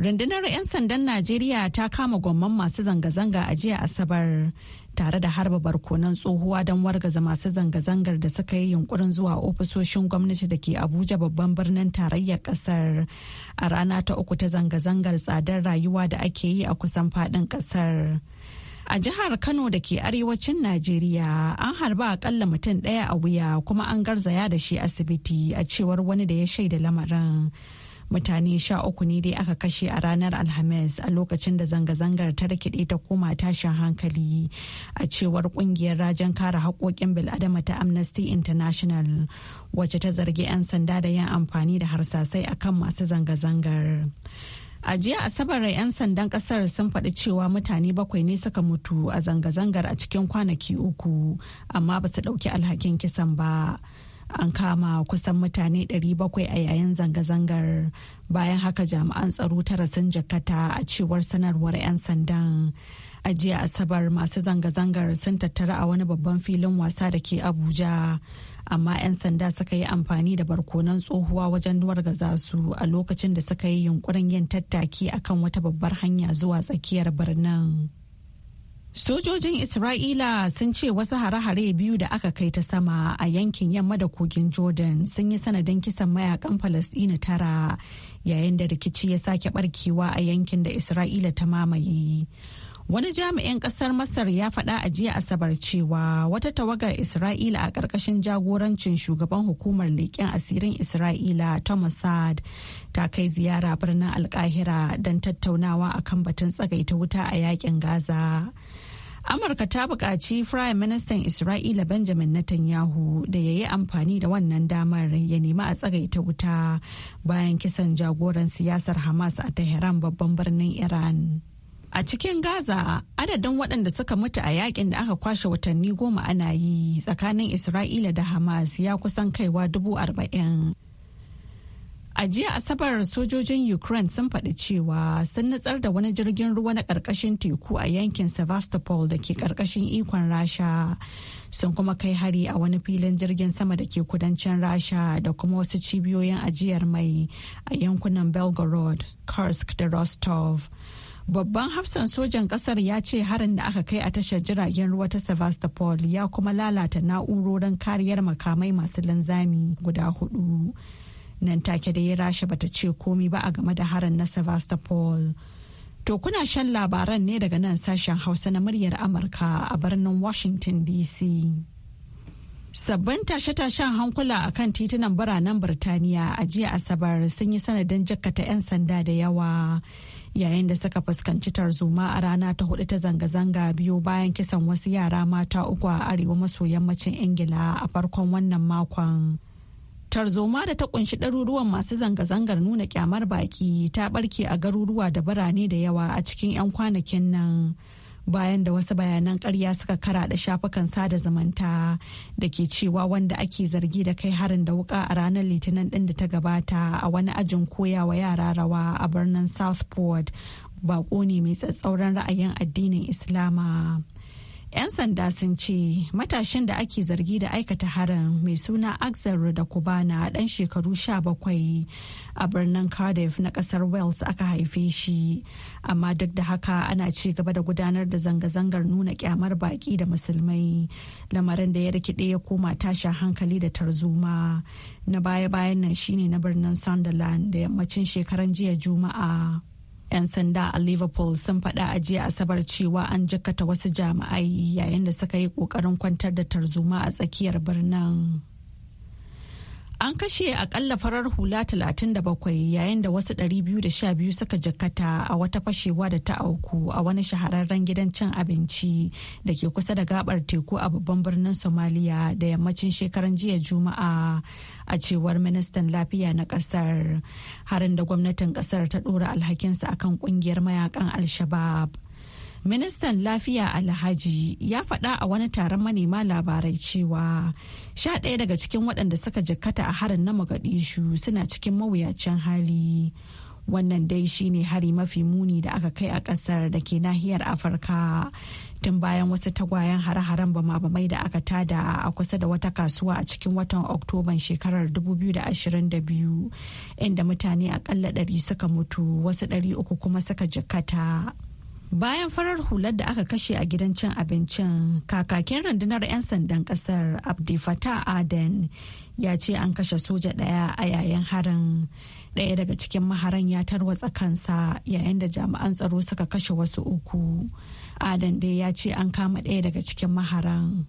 rundunar 'yan sandan najeriya ta kama gwamman masu zanga-zanga a jiya asabar tare da harba barkonan tsohuwa don wargaza masu zanga-zangar da suka yi yunkurin zuwa ofisoshin gwamnati da ke abuja babban birnin tarayyar kasar a rana ta uku ta zanga-zangar tsadar rayuwa da ake yi a kusan faɗin kasar a jihar kano da ke arewacin najeriya an harba akalla mutum ɗaya a wuya kuma an garzaya da shi asibiti a cewar wani da ya shaida lamarin mutane sha uku ne dai aka kashe a ranar alhamis a lokacin da zanga-zangar ta rikide ta koma tashin hankali a cewar kungiyar rajin kare haƙoƙin bil'adama ta amnesty international wacce ta zargi 'yan sanda da yin amfani da harsasai a kan masu zanga-zangar a jiya asabar 'yan sandan kasar sun faɗi cewa mutane bakwai ne suka mutu a zanga-zangar a cikin kwanaki uku amma ba su ɗauki alhakin kisan ba an kama kusan mutane 700 a yayin zanga-zangar bayan haka jami'an tsaro ta sun jakata a cewar sanarwar 'yan sandan a jiya asabar masu zanga-zangar sun tattara a wani babban filin wasa da ke abuja amma 'yan sanda suka yi amfani da barkonan tsohuwa wajen wargaza su a lokacin da suka yi yunkurin yin tattaki akan wata babbar hanya zuwa tsakiyar birnin. Sojojin Isra'ila sun ce wasu hare-hare biyu da aka kai ta sama a yankin yamma da kogin Jordan sun yi sanadin kisan mayakan Falasɗina tara yayin da rikici ya sake barkewa a yankin da Isra'ila ta mamaye. Wani jami'in kasar Masar ya faɗa a jiya Asabar cewa wata tawagar Isra'ila a ƙarƙashin jagorancin shugaban hukumar leƙen asirin Isra'ila Thomas Mossad ta kai ziyara birnin Alkahira don tattaunawa a kan batun tsagaita wuta a yakin Gaza. Amurka ta buƙaci Prime Ministan Isra'ila Benjamin Netanyahu da ya yi amfani da wannan damar ya nemi a tsagaita wuta bayan kisan jagoran siyasar Hamas a Tehran babban birnin Iran. A cikin Gaza, adadin waɗanda suka mutu a yakin da aka kwashe watanni goma ana yi tsakanin Isra'ila da Hamas ya kusan kaiwa dubu arba'in. A jiya Asabar sojojin Ukraine sun faɗi cewa sun nutsar da wani jirgin ruwa na ƙarƙashin teku a yankin Sevastopol da ke ƙarƙashin ikon Rasha. Sun kuma kai hari a wani filin jirgin sama da ke kudancin Rasha da kuma wasu cibiyoyin ajiyar mai a yankunan Belgorod, Kursk da Rostov. babban hafsan sojan kasar ya ce harin da aka kai a tashar jiragen ruwa ta sevastopol ya kuma lalata na'urorin kariyar makamai masu linzami guda hudu nan take da ya rashe bata ce komi ba a game da harin na sevastopol to kuna shan labaran ne daga nan sashen hausa na muryar amurka a birnin washington dc Sabbin tashe-tashen hankula a kan titunan biranen Birtaniya a jiya Asabar sun yi sanadin jakkata 'yan sanda da yawa yayin da suka fuskanci tarzoma a rana ta hudu ta zanga-zanga biyu bayan kisan wasu yara mata uku a arewa maso yammacin ingila a farkon wannan makon tarzoma da ta kunshi ɗaruruwan masu zanga-zangar nuna kyamar baki ta barke a garuruwa da birane da yawa a cikin 'yan kwanakin nan bayan da wasu bayanan karya suka kara da shafukan sada zumunta da ke cewa wanda ake zargi da kai harin da wuka a ranar litinin ɗin da ta gabata a wani ajin koya wa yara rawa a birnin southport baƙo ne mai tsatsauran ra'ayin addinin islama 'Yan sanda sun ce matashin da ake zargi da aikata harin mai suna Axel da Kubana ɗan shekaru 17 a birnin Cardiff na kasar Wales aka haife shi. Amma duk da haka ana ci gaba da gudanar da zanga-zangar nuna kyamar baƙi da musulmai. Lamarin da ya rikide ya koma tashin hankali da tarzoma. Na baya-bayan nan shine na birnin Sunderland da yammacin shekaran jiya Juma'a. 'yan sanda a liverpool sun faɗa a jiya asabar cewa an jikkata wasu jami'ai yayin da suka yi ƙoƙarin kwantar da tarzoma a tsakiyar birnin An kashe akalla farar hula 37 yayin da wasu 212 suka jakata a wata fashewa da ta auku a wani shahararren gidan cin abinci da ke kusa da gabar teku a babban birnin Somaliya da yammacin shekaran jiya Juma'a a cewar ministan lafiya na kasar. Harin da gwamnatin kasar ta dora alhakinsa akan kungiyar mayakan Al-Shabaab. ministan lafiya alhaji ya faɗa a wani taron manema labarai cewa sha ɗaya daga cikin waɗanda suka jikkata a harin na mogadishu suna cikin mawuyacin hali wannan dai shine hari mafi muni da aka kai a ƙasar da ke nahiyar afirka tun bayan wasu tagwayen hare-haren bama-bamai da aka tada a kusa da wata kasuwa a cikin watan oktoban shekarar 2022 inda mutane akalla 100 suka mutu wasu 300 kuma suka jikkata. bayan farar hular da aka kashe a gidan cin abincin kakakin rundunar 'yan sandan kasar abdi fata aden ya ce an kashe soja ɗaya a yayin harin ɗaya daga cikin maharan ya tarwatsa kansa yayin da jami'an tsaro suka kashe wasu uku aden dai ya ce an kama ɗaya daga cikin maharan.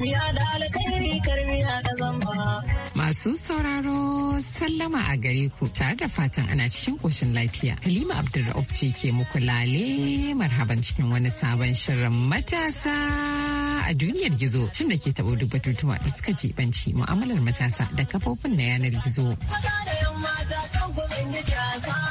miya da da zamba. Masu sauraro sallama a gare ku tare da fatan ana cikin koshin lafiya. Halima Abdulrauf ce ke muku lale marhaban cikin wani sabon shirin matasa a duniyar gizo Cinda da ke taɓo duk batutuwa da suka jibanci mu'amalar matasa da kafofin na yanar gizo. Maza da yamma za kan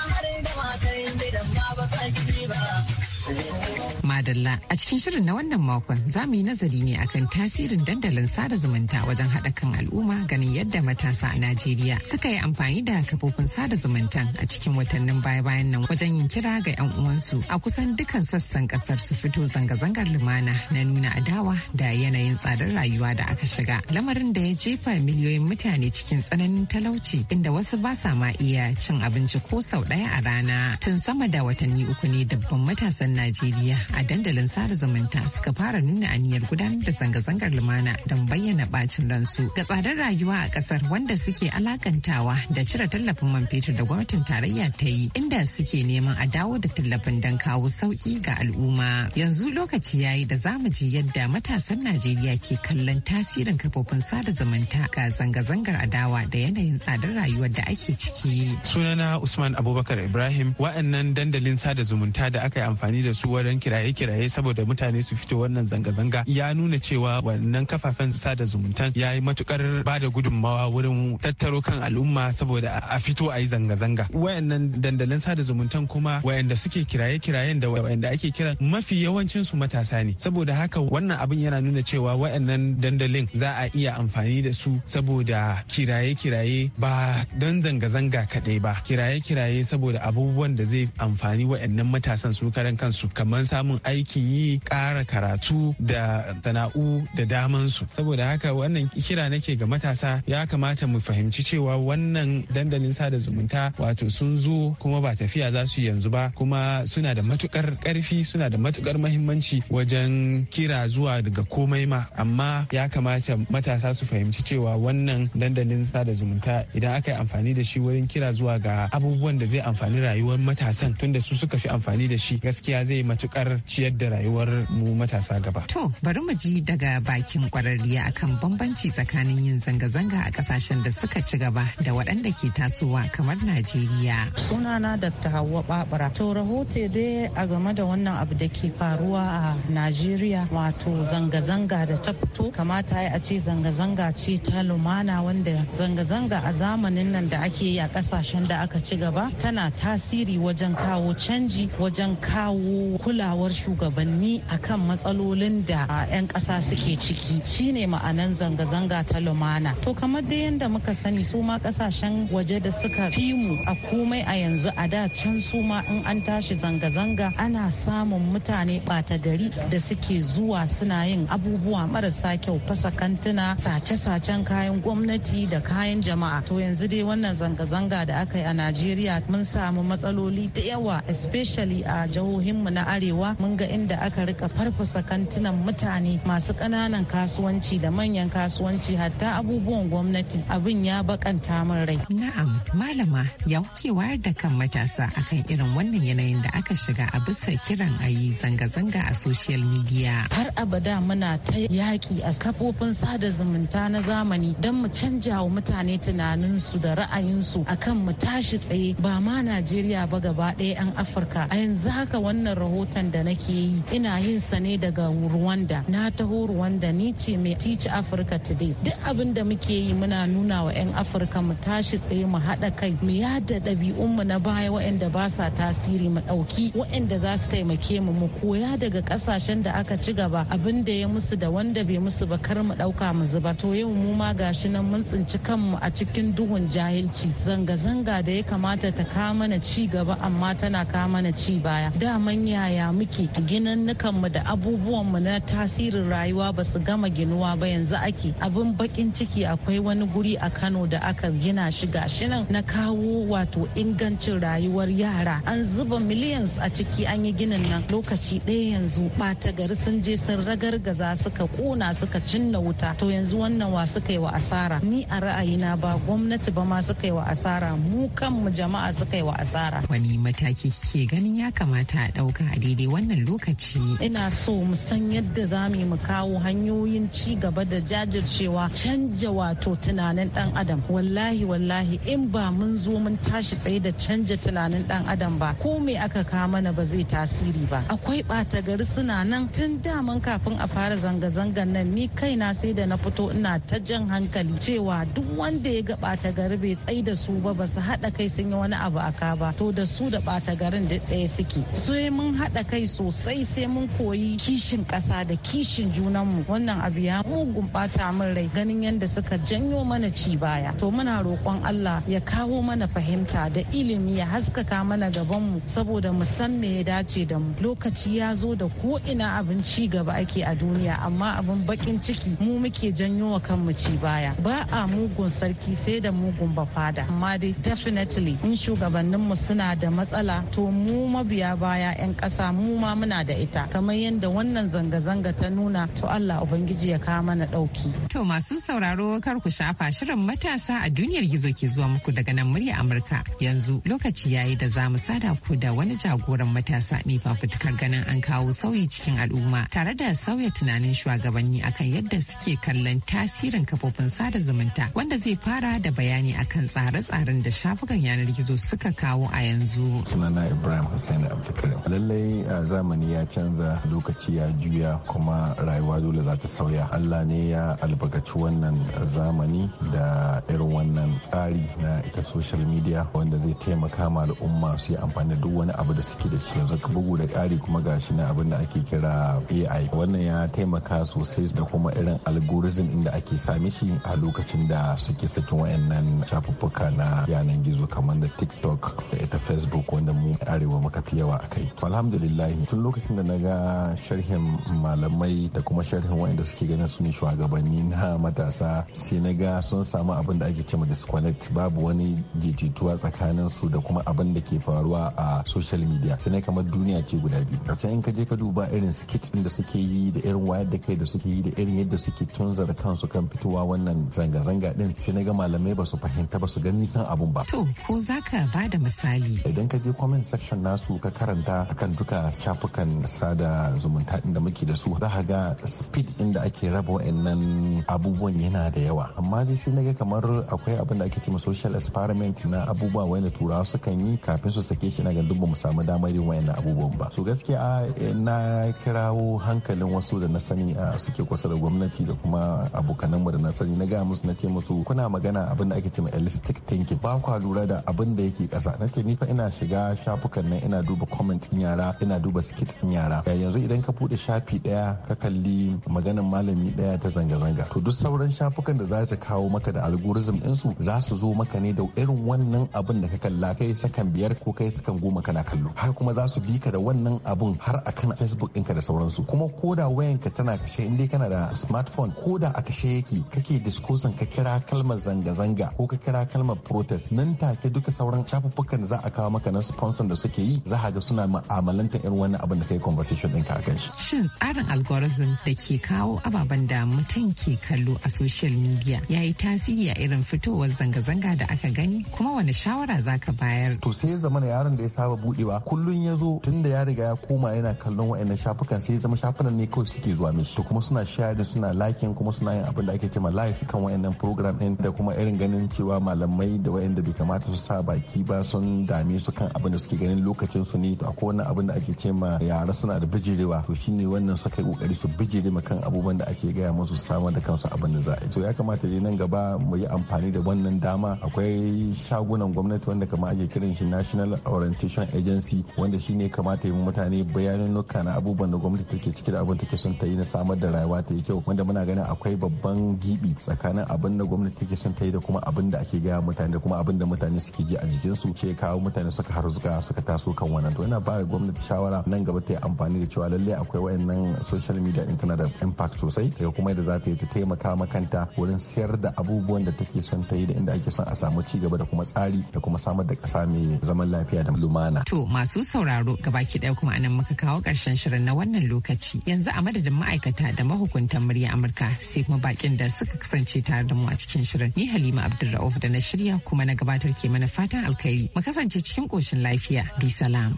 dalla a cikin shirin na wannan makon za mu yi nazari ne akan tasirin dandalin sada zumunta wajen haɗa kan al'umma ganin yadda matasa a Najeriya suka yi amfani da kafofin sada zumunta a cikin watannin baya-bayan nan wajen yin kira ga 'yan uwansu a kusan dukkan sassan kasar su fito zanga-zangar lumana na nuna adawa da yanayin tsadar rayuwa da aka shiga lamarin da ya jefa miliyoyin mutane cikin tsananin talauci inda wasu ba sa ma iya cin abinci ko sau ɗaya a rana tun sama da watanni uku ne dabban matasan Najeriya a dandalin sada zumunta suka fara nuna aniyar gudanar da zanga-zangar lumana don bayyana bacin ransu ga tsadar rayuwa a kasar wanda suke alakantawa da cire tallafin man fetur da gwamnatin tarayya ta yi inda suke neman a dawo da tallafin don kawo sauki ga al'umma yanzu lokaci ya yi da zamu ji yadda matasan najeriya ke kallon tasirin kafofin sada zumunta ga zanga-zangar adawa da yanayin tsadar rayuwar da ake ciki sunana usman abubakar ibrahim wa'annan dandalin sada zumunta da aka yi amfani da su wajen kiraye kiraye saboda mutane su fito wannan zanga-zanga ya nuna cewa wannan kafafen sada zumunta ya yi matukar ba da gudunmawa wurin tattaro kan al'umma saboda a fito a yi zanga-zanga wayannan dandalin sada zumuntan kuma wayanda suke kiraye-kirayen da wayanda ake kira mafi yawancin su matasa ne saboda haka wannan abin yana nuna cewa wayannan dandalin za a iya amfani da su saboda kiraye-kiraye ba don zanga-zanga kadai ba kiraye-kiraye saboda abubuwan da zai amfani wayannan matasan su karan kansu kamar samun aikin yi ƙara karatu da sana'u da damansu saboda haka wannan kira nake ga matasa ya kamata mu fahimci cewa wannan dandalin sada zumunta wato sun zo kuma ba tafiya za su yanzu ba kuma suna da matukar karfi suna da matukar mahimmanci wajen kira zuwa daga komai ma amma ya kamata matasa su fahimci cewa wannan dandalin sada zumunta idan aka yi amfani da shi wurin kira zuwa ga abubuwan da zai amfani rayuwar matasan tunda su suka fi amfani da shi gaskiya zai matukar ci ciyar da rayuwar mu matasa gaba. To bari mu ji daga bakin kwararriya akan bambanci tsakanin yin zanga-zanga a kasashen da suka ci gaba da waɗanda ke tasowa kamar Najeriya. Sunana Dr. Hauwa babara To rahoto dai a game da wannan abu da ke faruwa a Najeriya wato zanga-zanga da ta fito kamata a ce zanga-zanga ce ta lumana wanda zanga-zanga a zamanin nan da ake yi a kasashen da aka ci gaba tana tasiri wajen kawo canji wajen kawo kulawar shugabanni kan matsalolin da 'yan ƙasa suke ciki shine ma'anan zanga-zanga ta lumana to kamar dai yadda muka sani su ma ƙasashen waje da suka fi mu a komai a yanzu a da can su ma in an tashi zanga-zanga ana samun mutane bata gari da suke zuwa suna yin abubuwa marasa kyau fasa kantuna sace-sacen kayan gwamnati da kayan jama'a to yanzu dai wannan zanga-zanga da aka yi a najeriya mun samu matsaloli da yawa especially a jihohinmu na arewa mun ga inda aka rika farfasa kantinan mutane masu ƙananan kasuwanci da manyan kasuwanci hatta abubuwan gwamnati abin ya bakanta min rai. Na'am malama ya kuke wayar da kan matasa akan irin wannan yanayin da aka shiga a bisa kiran a yi zanga-zanga a social media. Har abada muna ta yaƙi a kafofin sada zumunta na zamani don mu canja wa mutane tunaninsu da ra'ayinsu akan mu tashi tsaye ba ma Najeriya ba gaba ɗaya 'yan Afirka. A yanzu haka wannan rahoton da nake nake yi ina yin sa ne daga Rwanda na taho Rwanda ni ce mai Teach Africa Today duk abin da muke yi muna nuna wa 'yan Afirka mu tashi tsaye mu haɗa kai mu yada ɗabi'un mu na baya waɗanda ba sa tasiri mu ɗauki waɗanda za su taimake mu mu koya daga ƙasashen da aka ci gaba abin da ya musu da wanda bai musu ba kar mu ɗauka mu zuba to yau mu ma gashi nan mun tsinci kanmu a cikin duhun jahilci zanga-zanga da ya kamata ta kama mana ci gaba amma tana kama mana ci baya da manyaya muke mu da abubuwanmu na tasirin rayuwa ba su gama ginuwa ba yanzu ake abin bakin ciki akwai wani guri a kano da aka gina shi gashi nan na kawo wato ingancin rayuwar yara an zuba millions a ciki an yi ginin nan lokaci ɗaya yanzu ɓata gari sun je sun ragar ragargaza suka ƙuna suka cinna wuta to yanzu wannan wa suka yi wa asara ni a ra'ayina ba gwamnati ba ma suka yi wa asara mu kanmu jama'a suka yi wa asara wani mataki ke ganin ya kamata a ɗauka a daidai wannan lokaci. Ina so mu san yadda za mu kawo hanyoyin ci gaba da jajircewa canja wato tunanin dan adam. Wallahi wallahi in ba mun zo mun tashi tsaye da canja tunanin dan adam ba ko me aka ka mana ba zai tasiri ba. Akwai ɓatagari gari suna nan tun daman kafin a fara zanga-zangan nan ni kai na sai da na fito ina ta jan hankali cewa duk wanda ya ga ɓata gari bai tsai da su ba basu su haɗa kai sun yi wani abu a ka ba to da su da bata garin duk ɗaya suke. Sai mun haɗa kai so sosai sai mun koyi kishin ƙasa da kishin junanmu wannan abu ya mugun bata min rai ganin yadda suka janyo mana ci baya to muna roƙon Allah ya kawo mana fahimta da ilimi ya haskaka mana gabanmu saboda mu san me ya dace da mu lokaci ya zo da ko ina abin ci gaba ake a duniya amma abin bakin ciki mu muke janyo wa kanmu ci baya ba a mugun sarki sai da mugun bafada amma dai definitely in shugabanninmu suna da matsala to mu mabiya baya 'yan ƙasa mu ma muna da ita kamar yadda wannan zanga-zanga ta nuna to Allah ubangiji ya kawo mana ɗauki. To masu sauraro kar ku shafa shirin matasa a duniyar gizo ke zuwa muku daga nan murya Amurka yanzu lokaci yayi da za mu sada ku da wani jagoran matasa mai fafutukar ganin an kawo sauyi cikin al'umma tare da sauya tunanin shugabanni akan yadda suke kallon tasirin kafofin sada zumunta wanda zai fara da bayani akan tsare-tsaren da shafukan yanar gizo suka kawo a yanzu. Sunana Ibrahim Hussein Abdulkarim. Lallai eh, zamani ya canza lokaci ya juya kuma rayuwa dole za ta sauya allah ne ya albarkaci wannan zamani da irin wannan tsari na ita social media wanda zai taimaka ma al'umma su yi amfani da duk wani abu da suke da shi yanzu bugu da ƙari kuma ga shi, na abin da ake kira ai wannan ya taimaka sosai da kuma irin algorithm inda ake sami shi a lokacin da suke sakin wayannan shafuffuka na yanan gizo kamar da tiktok da ita facebook wanda mu arewa muka fi yawa a kai alhamdulillah tun lokacin da na ga sharhin malamai da kuma sharhin waɗanda suke ganin su ne shugabanni na matasa sai na ga sun samu abin da ake cewa disconnect babu wani jijituwa tsakanin su da kuma abin da ke faruwa a social media sai na kamar duniya ce guda biyu sai in ka je ka duba irin skits da suke yi da irin wayar da kai da suke yi da irin yadda suke kan kansu kan fitowa wannan zanga-zanga din sai na ga malamai ba su fahimta ba su gani san abun ba to ko zaka ba da misali idan ka je comment section nasu ka karanta akan duka shafin shafukan sada zumunta da muke da su za ga speed inda ake raba wa'annan abubuwan yana da yawa amma dai sai naga kamar akwai abin da ake cewa social experiment na abubuwa wanda turawa sukan yi kafin su sake shi na ga duk mu samu damar yin wa'annan abubuwan ba so gaskiya eh, na kirawo hankalin wasu da na sani a ah, suke kusa da gwamnati da kuma abokananmu da na sani na ga musu na ce musu kuna magana abin da ake cewa elastic thinking ba kwa lura da abin da yake kasa na ce ni fa ina shiga shafukan nan ina duba comment yara ina duba rikici yara yanzu idan ka bude shafi daya ka kalli maganan malami daya ta zanga-zanga to duk sauran shafukan da za su kawo maka da algorithm su za su zo maka ne da irin wannan abin da ka kalla kai sakan biyar ko kai sakan goma kana kallo har kuma za su bi ka da wannan abun har akan facebook ɗinka da sauransu kuma koda wayanka tana kashe in kana da smartphone koda a kashe yake kake discussion ka kira kalmar zanga-zanga ko ka kira kalmar protest nan take duka sauran shafukan da za a kawo maka na sponsor da suke yi za ga suna ma'amalanta irin wannan abin da kai conversation ɗinka a kan shi. Shin tsarin algorithm da ke kawo ababen da mutum ke kallo a social media ya yi tasiri a irin fitowar zanga-zanga da aka gani kuma wani shawara za ka bayar? To sai ya zama yaron da ya saba budewa kullum ya zo tun da ya riga ya koma yana kallon wa'annan shafukan sai ya zama shafunan ne kawai suke zuwa mishi to kuma suna sharing suna liking kuma suna yin abin da ake cewa live kan wa'annan program ɗin da kuma irin ganin cewa malamai da wa'anda bai kamata su sa baki ba sun dame su kan abin da suke ganin lokacin su ne akwai wani abin da ake cewa yara suna da bijirewa to shine wannan suka yi kokari su bijire ma kan abubuwan da ake gaya musu samar da kansu abin da za a yi to ya kamata dai nan gaba mu yi amfani da wannan dama akwai shagunan gwamnati wanda kama ake kiran shi national orientation agency wanda shine kamata yi mutane nuka na abubuwan da gwamnati take ciki da abin take son ta yi na samar da rayuwa ta yi kyau wanda muna ganin akwai babban gibi tsakanin abin da gwamnati take son ta yi da kuma abin da ake gaya mutane da kuma abin da mutane suke ji a jikinsu ke kawo mutane suka harzuka suka taso kan wannan to yana ba gwamnati shawara nan gaba ta yi amfani da cewa lallai akwai wayannan social media din tana da impact sosai daga kuma da za ta yi ta taimaka makanta wurin siyar da abubuwan da take son ta yi da inda ake son a samu ci gaba da kuma tsari da kuma samar da ƙasa mai zaman lafiya da lumana. To masu sauraro gabaki ɗaya kuma anan muka kawo karshen shirin na wannan lokaci yanzu a madadin ma'aikata da mahukuntan murya Amurka sai kuma bakin da suka kasance tare da mu a cikin shirin ni Halima Abdulra'uf da na shirya kuma na gabatar ke mana fatan alkhairi mu kasance cikin koshin lafiya bi salam.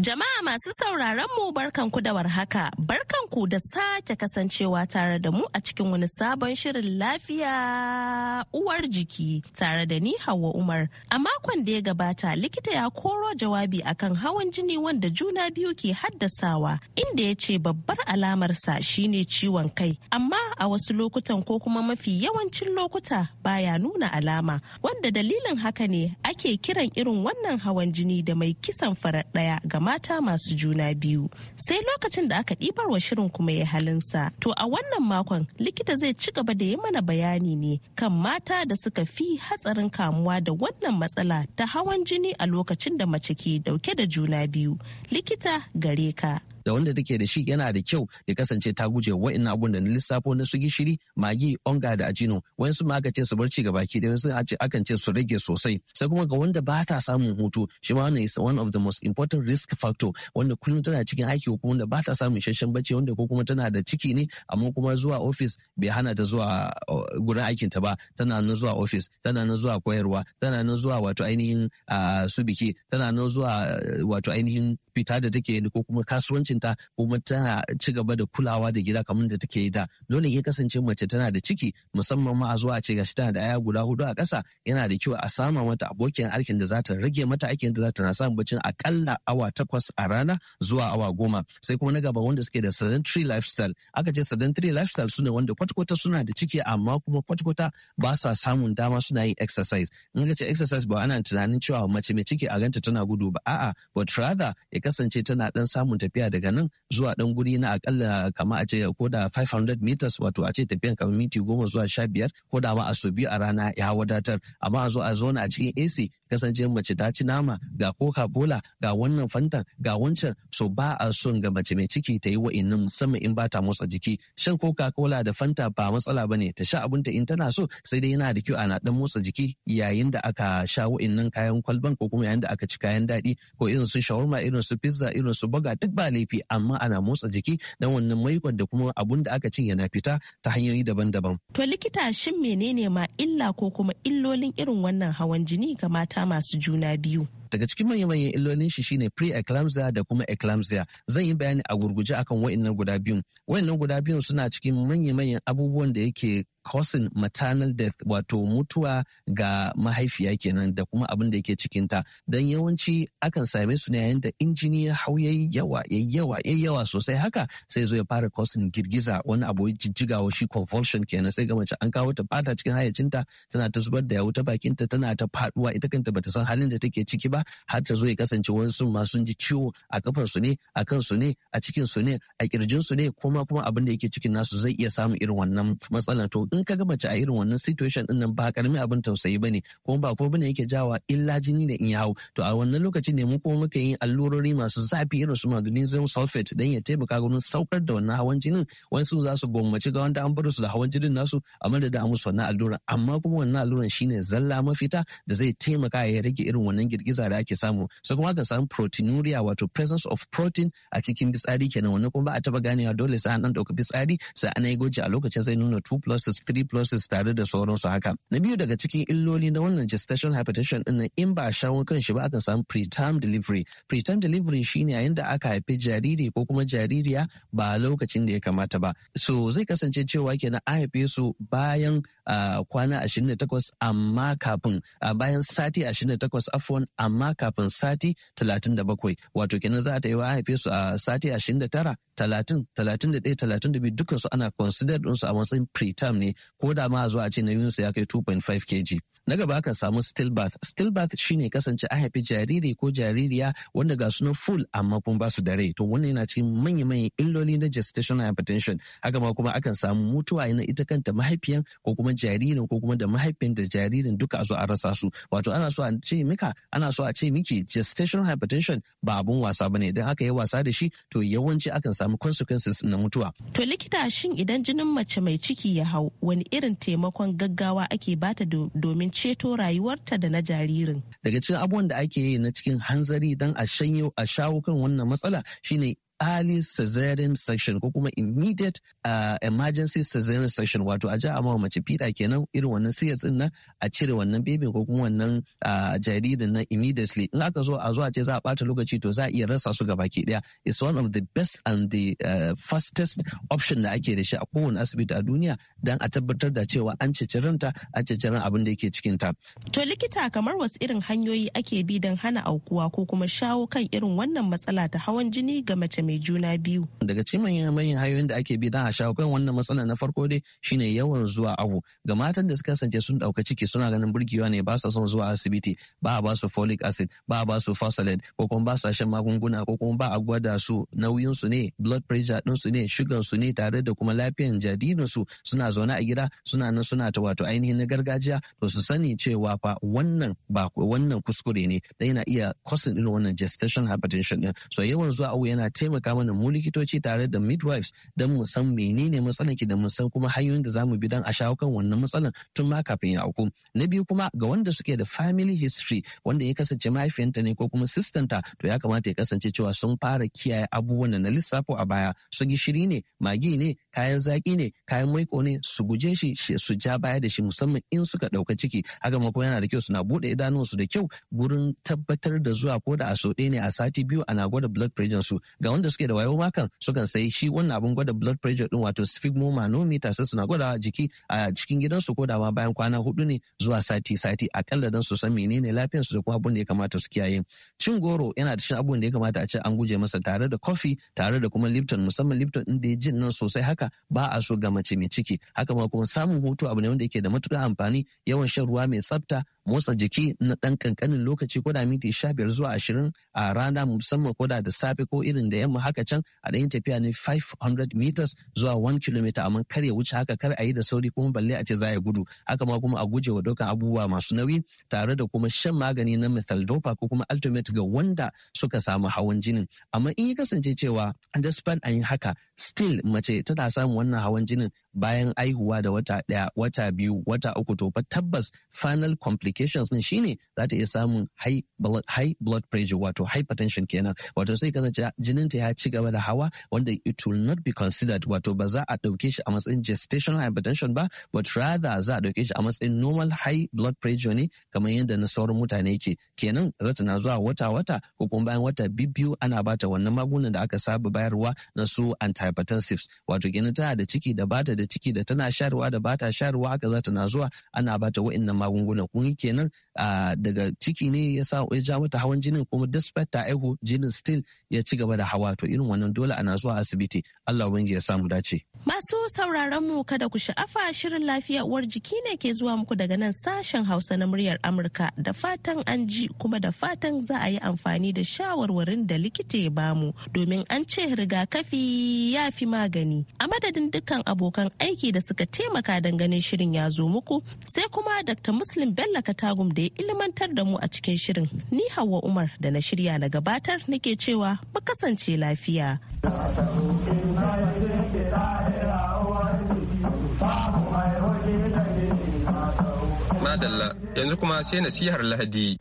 Jama'a masu sauraron mu barkanku da warhaka, barkanku da sake kasancewa tare da mu a cikin wani sabon shirin lafiya uwar jiki tare da ni Hauwa Umar. A makon da ya gabata likita ya koro jawabi akan hawan jini wanda juna biyu ke haddasawa inda ya ce babbar alamarsa shine ciwon kai, amma a wasu lokutan ko kuma mafi yawancin lokuta baya nuna alama, wanda dalilin haka ne ake kiran irin wannan hawan jini da mai kisan farat ɗaya ga mata masu juna biyu sai lokacin da aka ɗibar wa shirin kuma ya halinsa to a wannan makon likita zai ci gaba da yi mana bayani ne kan mata da suka fi hatsarin kamuwa da wannan matsala ta hawan jini a lokacin da mace ke dauke da juna biyu likita gare ka da wanda take da shi yana da kyau ya kasance ta guje wa'in abun da na lissafo na su gishiri magi onga da ajino su ma aka ce su barci ga baki da wasu akan ce su rage sosai sai kuma ga wanda ba ta samun hutu shi ma wannan is one of the most important risk factor wanda kullum tana cikin aiki ko wanda ba ta samun isasshen bacci wanda ko kuma tana da ciki ne amma kuma zuwa office bai hana ta zuwa uh, gurin ta ba tana nan zuwa office tana nan zuwa koyarwa tana nan zuwa wato ainihin uh, su biki tana nan zuwa uh, wato ainihin fita da take ko kuma kasuwancinta kuma tana ci gaba da kulawa da gida kamar da take yi da dole ya kasance mace tana da ciki musamman ma a zuwa a ce gashi tana da aya guda hudu a kasa yana da kyau a sama mata abokin aikin da za ta rage mata aikin da za ta na samun bacin akalla awa takwas a rana zuwa awa goma sai kuma na gaba wanda suke da sedentary lifestyle aka ce sedentary lifestyle ne wanda kwatkwata suna da ciki amma kuma kwatkwata ba sa samun dama suna yin exercise in ka ce exercise ba ana tunanin cewa mace mai ciki a ganta tana gudu ba a'a but rather ya kasance tana dan samun tafiya daga nan zuwa dan guri na akalla kama a ce ko da 500 meters wato a ce tafiyan kamar minti goma zuwa sha biyar ko da ma a so biyu a rana ya wadatar amma a zo a zauna a cikin AC kasance mace ta ci nama ga coca cola ga wannan fanta ga wancan so ba a son ga mace mai ciki ta yi wa'innan musamman in ba ta motsa jiki shan coca cola da fanta ba matsala ba ne ta sha abinta in tana so sai dai yana da kyau ana dan motsa jiki yayin da aka sha wa'innan kayan kwalban ko kuma yayin da aka ci kayan daɗi ko irin su shawarma irin su pizza irin su baga duk ba laifi amma ana motsa jiki dan wannan maikon da kuma abun da aka cin yana fita ta hanyoyi daban-daban. To likita shin menene ma illa ko kuma illolin irin wannan hawan jini ga mata mata masu juna biyu daga cikin manya-manyan illolin shi shine pre-eclampsia da kuma eclampsia zan yi bayani a gurguje akan wa'annan guda biyun wa'annan guda biyun suna cikin manya-manyan abubuwan da yake causing maternal death wato mutuwa ga mahaifiya kenan da kuma abin da yake cikinta don yawanci akan same su ne yayin da injini ya hau yayi yawa yayi yawa yayi yawa sosai haka sai zo ya fara causing girgiza wani abu jijjigawa shi convulsion kenan sai ga mace an kawo ta bata cikin hayacinta tana ta zubar da ya wuta bakinta tana ta faduwa ita kanta bata san halin da take ciki ba har ta zo ya kasance wasu ma sun ji ciwo a kafar su ne a kan su ne a cikin su ne a kirjin su ne kuma kuma abin da yake cikin nasu zai iya samun irin wannan matsalan to in ka ga mace a irin wannan situation din nan ba karami abin tausayi bane kuma ba ko bane yake jawa illa jini da in yawo to a wannan lokacin ne mu kuma muka yi allurori masu zafi irin su magnesium sulfate dan ya taimaka gurin saukar da wannan hawan jinin wasu za su gwammaci ga wanda an bar su da hawan jinin nasu amma da da musu wannan alluran amma kuma wannan alluran shine zalla mafita da zai taimaka ya rage irin wannan girgiza da ake samu sai kuma aka samu proteinuria wato presence of protein a cikin fitsari kenan wannan kuma ba a taba ganewa dole sai an dan dauka fitsari sai an yi gwaji a lokacin sai nuna 2 pluses 3 pluses tare da sauransu haka na biyu daga cikin illoli na wannan gestational hypertension din nan in ba a kan shi ba aka samu preterm delivery preterm delivery shine yayin da aka haifi jariri ko kuma jaririya ba lokacin da ya kamata ba so zai kasance cewa kenan a haife su bayan ah, kwana 28 amma kafin ah, bayan sati 28 afwan amma amma kafin sati 37 wato kenan za ta yi wa haife su a sati 29 30 31 32 dukkan su ana considered su a matsayin preterm ne ko da ma zuwa ce nauyinsu ya kai 2.5 kg na gaba aka samu still bath still bath shine kasance a haifi jariri ko jaririya wanda ga sunan full amma kuma ba su da rai to wannan yana cikin manya-manyan illoli na gestational hypertension haka ma kuma akan samu mutuwa na ita kanta mahaifiyan ko kuma jaririn ko kuma da mahaifiyan da jaririn duka a zo a rasa su wato ana so a ce mika ana so a ce miki gestational hypertension ba abun wasa bane idan aka yi wasa da shi to yawanci akan samu consequences na mutuwa to likita shin idan jinin mace mai ciki ya hau wani irin taimakon gaggawa ake bata domin ceto rayuwarta da na jaririn. Daga cikin abubuwan da ake yi na cikin hanzari don a shawo kan wannan matsala shine early cesarean section ko kuma immediate uh, emergency cesarean section wato a ja a mace fiɗa kenan irin wannan siyas din a cire wannan baby ko kuma wannan uh, jaririn na immediately in aka zo a zuwa a ce za a bata lokaci to za a iya rasa su gaba ke daya it's one of the best and the uh, fastest option da ake da shi a kowane asibiti a duniya dan a tabbatar da cewa an cece ranta an cece ran abin da yake cikin ta. To likita kamar wasu irin hanyoyi ake bi don hana aukuwa ko kuma shawo kan irin wannan matsala ta hawan jini ga mace mai juna biyu. Daga cikin manyan manyan hanyoyin da ake bi don a shawo kan wannan matsala na farko dai shine yawan zuwa awo. Ga matan da suka kasance sun ɗauka ciki suna ganin burgewa ne ba sa son zuwa asibiti ba a ba su folic acid ba a ba su fasalid ko kuma ba sa shan magunguna ko kuma ba a gwada su nauyin su ne blood pressure din su ne sugar su ne tare da kuma lafiyan jaririn su suna zaune a gida suna nan suna ta wato ainihin na gargajiya to su sani cewa fa wannan ba wannan kuskure ne da yana iya causing irin wannan gestational hypertension din so yawan zuwa awo yana taimaka taimaka mana mu likitoci tare da midwives don mu san menene matsalan ki da mu san kuma hanyoyin da zamu bi don a shawo kan wannan matsalan tun ma kafin ya auku na biyu kuma ga wanda suke da family history wanda ya kasance mahaifiyanta ne ko kuma sistanta to ya kamata ya kasance cewa sun fara kiyaye abubuwan da na lissafo a baya su gishiri ne magi ne kayan zaki ne kayan maiko ne su guje shi su ja baya da shi musamman in suka ɗauka ciki haka ma kuma yana da kyau suna buɗe idanunsu da kyau gurin tabbatar da zuwa ko da a so ne a sati biyu ana gwada blood pressure su ga wanda wanda suke da wayo makan sukan sai shi wannan abin gwada blood pressure din wato sphygmomanometer sai suna gwada jiki a cikin gidansu ko da ma bayan kwana hudu ne zuwa sati sati a akalla dan su san menene lafiyar su da kuma abun da ya kamata su kiyaye cin goro yana da shi abun da ya kamata a ce an guje masa tare da coffee tare da kuma lipton musamman lipton din da ya jin nan sosai haka ba a so ga mace mai ciki haka ma kuma samun hutu abu ne wanda yake da matukar amfani yawan shan ruwa mai tsafta motsa jiki na ɗan ƙanƙanin lokaci ko da minti sha biyar zuwa ashirin a rana musamman ko da da safe ko irin da yamma haka can a ɗan tafiya ne 500 meters zuwa 1 km amma kar ya wuce haka kar a yi da sauri kuma balle a ce za a gudu haka ma kuma a guje wa ɗaukan abubuwa masu nauyi tare da kuma shan magani na methaldopa ko kuma ultimate ga wanda suka samu hawan jinin amma in ya kasance cewa despite an yi haka still mace tana samun wannan hawan jinin bayan aihuwa da wata ɗaya wata biyu wata uku to fa tabbas final complications din shine za ta iya samun high blood, high blood pressure wato hypertension kenan wato sai jinin ta ya ci gaba da hawa wanda it will not be considered wato ba za a ɗauke shi a matsayin gestational hypertension ba but rather za a ɗauke shi a matsayin normal high blood pressure ne kamar yadda na sauran mutane ke kenan za ta na zuwa wata wata ko kuma bayan wata biyu ana bata wannan magunan da aka saba bayarwa na su antihypertensives wato kenan tana da ciki da bata da ciki da tana sharwa da bata sharwa haka za ta na zuwa ana bata wa'annan magunguna kun kenan daga ciki ne ya sa ya ja mata hawan jinin kuma despite ta aihu jinin still ya ci gaba da hawa to irin wannan dole ana zuwa asibiti Allah ubangiji ya samu dace masu sauraron mu kada ku sha'afa shirin lafiya uwar jiki ne ke zuwa muku daga nan sashen Hausa na muryar Amurka da fatan an ji kuma da fatan za a yi amfani da shawarwarin da likita ya bamu domin an ce rigakafi ya fi magani a madadin dukkan abokan aiki da suka taimaka don ganin shirin ya zo muku sai kuma Dr. Muslim Bello Katagum da ya ilmantar da mu a cikin shirin. Ni Hauwa Umar da na shirya na gabatar nake cewa mu kasance lafiya. Madalla yanzu kuma sai nasihar Lahadi.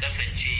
kasance